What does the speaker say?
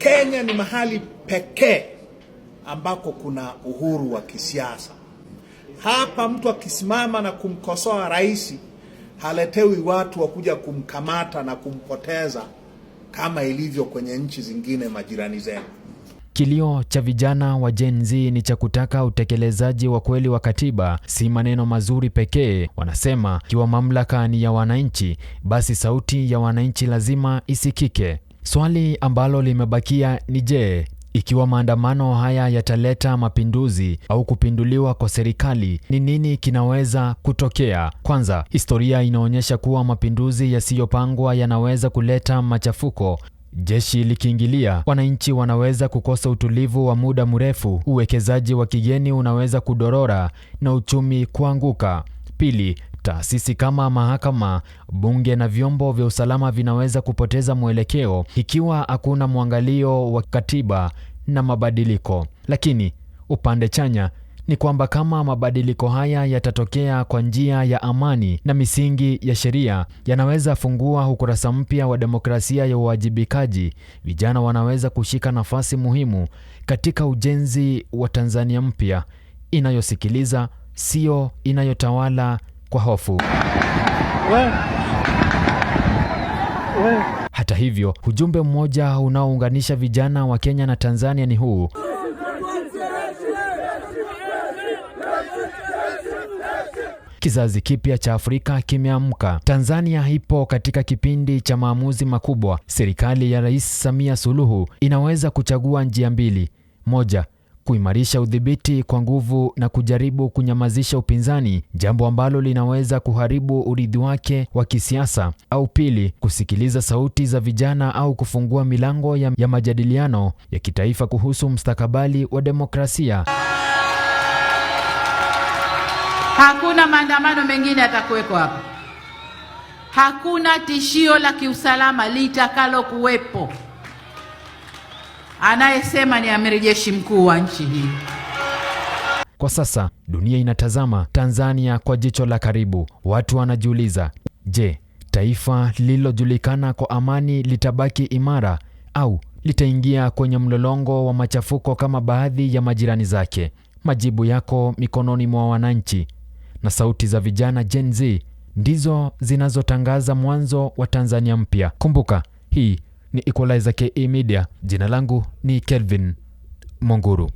Kenya ni mahali pekee ambako kuna uhuru wa kisiasa. Hapa mtu akisimama na kumkosoa rais haletewi watu wa kuja kumkamata na kumpoteza kama ilivyo kwenye nchi zingine majirani zetu. Kilio cha vijana wa Gen Z ni cha kutaka utekelezaji wa kweli wa katiba, si maneno mazuri pekee. Wanasema ikiwa mamlaka ni ya wananchi, basi sauti ya wananchi lazima isikike. Swali ambalo limebakia ni je, ikiwa maandamano haya yataleta mapinduzi au kupinduliwa kwa serikali, ni nini kinaweza kutokea? Kwanza, historia inaonyesha kuwa mapinduzi yasiyopangwa yanaweza kuleta machafuko. Jeshi likiingilia, wananchi wanaweza kukosa utulivu wa muda mrefu, uwekezaji wa kigeni unaweza kudorora na uchumi kuanguka. Pili, Taasisi kama mahakama, bunge na vyombo vya usalama vinaweza kupoteza mwelekeo ikiwa hakuna mwangalio wa katiba na mabadiliko. Lakini upande chanya ni kwamba kama mabadiliko haya yatatokea kwa njia ya amani na misingi ya sheria, yanaweza fungua ukurasa mpya wa demokrasia ya uwajibikaji. Vijana wanaweza kushika nafasi muhimu katika ujenzi wa Tanzania mpya inayosikiliza, sio inayotawala kwa hofu. Hata hivyo, ujumbe mmoja unaounganisha vijana wa Kenya na Tanzania ni huu. Kizazi kipya cha Afrika kimeamka. Tanzania ipo katika kipindi cha maamuzi makubwa. Serikali ya Rais Samia Suluhu inaweza kuchagua njia mbili. Moja, kuimarisha udhibiti kwa nguvu na kujaribu kunyamazisha upinzani, jambo ambalo linaweza kuharibu urithi wake wa kisiasa; au pili, kusikiliza sauti za vijana au kufungua milango ya, ya majadiliano ya kitaifa kuhusu mustakabali wa demokrasia. Hakuna maandamano mengine yatakuwekwa hapa. Hakuna tishio la kiusalama litakalo kuwepo Anayesema ni amiri jeshi mkuu wa nchi hii. Kwa sasa dunia inatazama Tanzania kwa jicho la karibu. Watu wanajiuliza, je, taifa lililojulikana kwa amani litabaki imara au litaingia kwenye mlolongo wa machafuko kama baadhi ya majirani zake? Majibu yako mikononi mwa wananchi, na sauti za vijana Gen Z ndizo zinazotangaza mwanzo wa Tanzania mpya. Kumbuka hii ni Equalizer KE Media. Jina langu ni Kelvin Monguru.